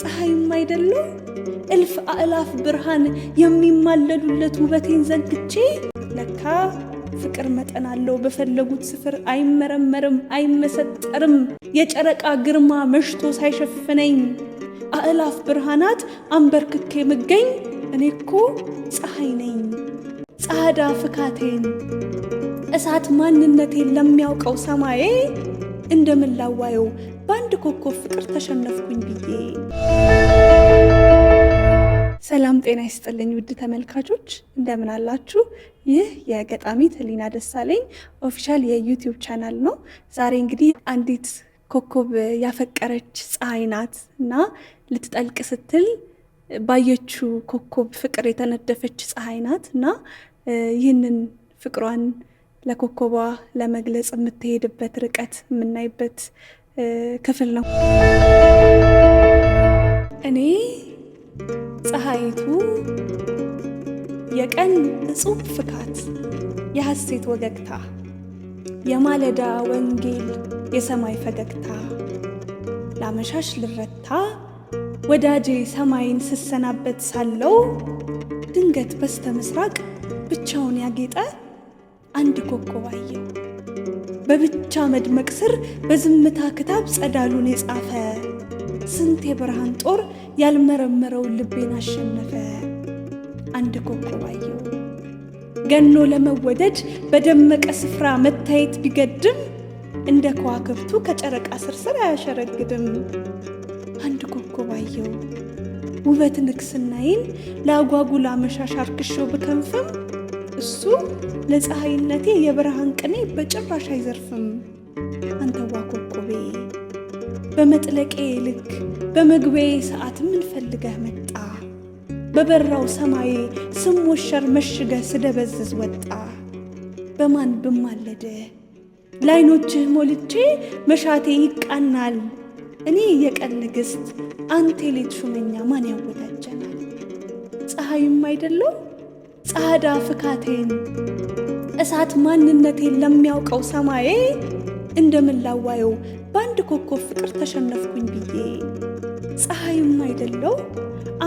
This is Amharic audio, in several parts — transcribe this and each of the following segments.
ፀሐይም አይደለም እልፍ አእላፍ ብርሃን የሚማለዱለት ውበቴን ዘንግቼ ለካ ፍቅር መጠን አለው በፈለጉት ስፍር አይመረመርም አይመሰጠርም። የጨረቃ ግርማ መሽቶ ሳይሸፍነኝ አእላፍ ብርሃናት አንበርክኬ የምገኝ እኔ እኮ ፀሐይ ነኝ። ጻዳ ፍካቴን እሳት ማንነቴን ለሚያውቀው ሰማዬ እንደምላዋየው! በአንድ ኮከብ ፍቅር ተሸነፍኩኝ ብዬ። ሰላም ጤና ይስጥልኝ ውድ ተመልካቾች እንደምን አላችሁ? ይህ የገጣሚት ህሊና ደሳለኝ ኦፊሻል የዩቲዩብ ቻናል ነው። ዛሬ እንግዲህ አንዲት ኮከብ ያፈቀረች ፀሐይ ናት እና ልትጠልቅ ስትል ባየችው ኮከብ ፍቅር የተነደፈች ፀሐይ ናት እና ይህንን ፍቅሯን ለኮከቧ ለመግለጽ የምትሄድበት ርቀት የምናይበት ክፍል ነው። እኔ ፀሐይቱ የቀን እጹብ ፍካት የሐሴት ወገግታ የማለዳ ወንጌል የሰማይ ፈገግታ ላመሻሽ ልረታ ወዳጄ ሰማይን ስሰናበት ሳለው ድንገት በስተ ምስራቅ ብቻውን ያጌጠ አንድ ኮከብ አየሁ። በብቻ መድመቅ ስር በዝምታ ክታብ ጸዳሉን የጻፈ ስንት የብርሃን ጦር ያልመረመረውን ልቤን አሸነፈ። አንድ ኮከብ አየሁ ገኖ ለመወደድ በደመቀ ስፍራ መታየት ቢገድም እንደ ከዋክብቱ ከጨረቃ ስርስር አያሸረግድም። አንድ ኮከብ አየሁ ውበት ንግስናዬን ለአጓጉላ መሻሻር ክሾ ብከንፍም እሱ ለፀሐይነቴ የብርሃን ቅኔ በጭራሽ አይዘርፍም። አንተዋ ኮከቤ በመጥለቄ ልክ በመግቤ ሰዓት ምን ፈልገህ መጣ? በበራው ሰማዬ ስሞሸር መሽገህ ስደበዝዝ ወጣ። በማን ብማለደ ላይኖችህ ሞልቼ መሻቴ ይቃናል። እኔ የቀን ንግሥት አንተ ሌት ሹመኛ ማን ያወዳጀናል? ፀሐይም አይደለው ጻዳ ፍካቴን እሳት ማንነቴን ለሚያውቀው ሰማዬ እንደምላዋየው በአንድ ኮከብ ፍቅር ተሸነፍኩኝ ብዬ ፀሐይም አይደለው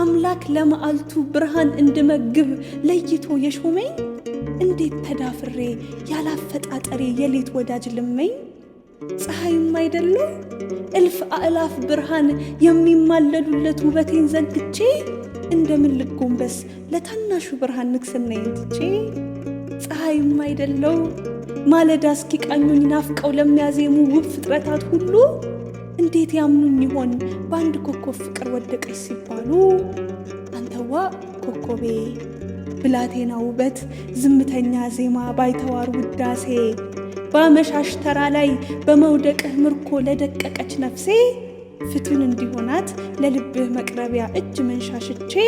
አምላክ ለመዓልቱ ብርሃን እንድመግብ ለይቶ የሾመኝ እንዴት ተዳፍሬ ያላፈጣጠሬ የሌት ወዳጅ ልመኝ ፀሐይም አይደለው እልፍ አእላፍ ብርሃን የሚማለዱለት ውበቴን ዘንግቼ እንደምን ልጎንበስ ለታናሹ ብርሃን ንግሥናዬን ትቼ ፀሐይም አይደለው ማለዳ እስኪቃኙኝ ናፍቀው ለሚያዜሙ ውብ ፍጥረታት ሁሉ እንዴት ያምኑኝ ይሆን በአንድ ኮከብ ፍቅር ወደቀች ሲባሉ አንተዋ ኮከቤ ብላቴና ውበት ዝምተኛ ዜማ ባይተዋር ውዳሴ በአመሻሽ ተራ ላይ በመውደቅህ ምርኮ ለደቀቀች ነፍሴ ፍቱን እንዲሆናት ለልብህ መቅረቢያ እጅ መንሻሽቼ ሽቼ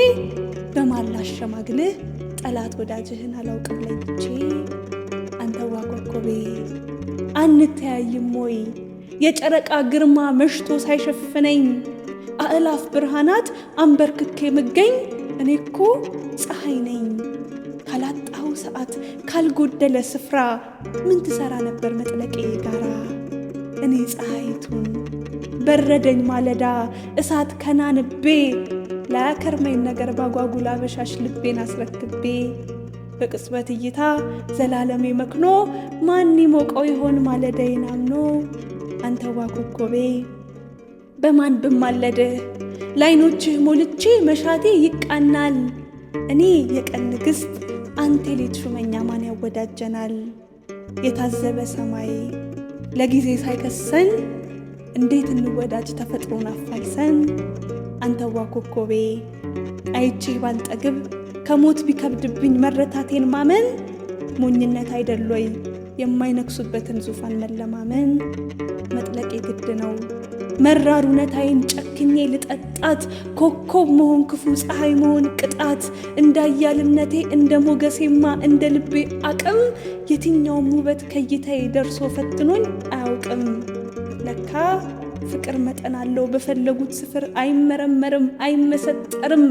በማላሸማግልህ ጠላት ወዳጅህን አላውቅም ለይቼ። አንተዋ አንተያይም ወይ የጨረቃ ግርማ መሽቶ ሳይሸፍነኝ አእላፍ ብርሃናት አንበርክኬ የምገኝ እኔ እኮ ፀሐይ ነኝ። ካላጣው ሰዓት ካልጎደለ ስፍራ ምን ትሰራ ነበር መጥለቄ ጋራ? እኔ ፀሐይቱን በረደኝ ማለዳ እሳት ከናንቤ ላያከርመኝ ነገር ባጓጉላ በሻሽ ልቤን አስረክቤ በቅጽበት እይታ ዘላለሜ መክኖ ማን ይሞቀው ይሆን ማለዳዬን አምኖ አንተዋ ኮከቤ በማን ብማለድህ ላይኖችህ ሞልቼ መሻቴ ይቃናል። እኔ የቀን ንግሥት አንተ ሌት ሹመኛ ማን ያወዳጀናል? የታዘበ ሰማይ ለጊዜ ሳይከሰን እንዴት እንወዳጅ ተፈጥሮን አፋይሰን አንተዋ ኮኮቤ አይቼ ባልጠግብ ከሞት ቢከብድብኝ መረታቴን ማመን ሞኝነት አይደሎይ የማይነግሱበትን ዙፋን መለማመን ማወቅ የግድ ነው። መራር እውነታዬን ጨክኜ ልጠጣት፣ ኮከብ መሆን ክፉ፣ ፀሐይ መሆን ቅጣት። እንዳያልምነቴ እንደ ሞገሴማ እንደ ልቤ አቅም የትኛውም ውበት ከይታዬ ደርሶ ፈትኖኝ አያውቅም። ለካ ፍቅር መጠን አለው፣ በፈለጉት ስፍር አይመረመርም፣ አይመሰጠርም።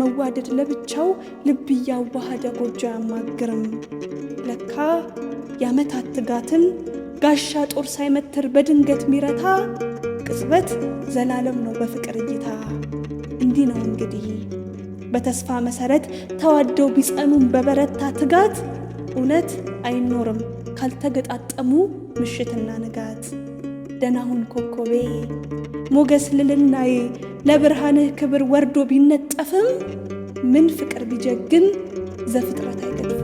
መዋደድ ለብቻው ልብ እያዋሃደ ጎጆ አያማግርም። ለካ የዓመታት ትጋትን ጋሻ ጦር ሳይመትር በድንገት ሚረታ ቅጽበት ዘላለም ነው በፍቅር እይታ። እንዲህ ነው እንግዲህ በተስፋ መሰረት ተዋደው ቢጸኑም በበረታ ትጋት እውነት አይኖርም ካልተገጣጠሙ ምሽትና ንጋት። ደናሁን ኮከቤ ሞገስ ልልናዬ ለብርሃንህ ክብር ወርዶ ቢነጠፍም ምን ፍቅር ቢጀግን ዘፍጥረት አይገድም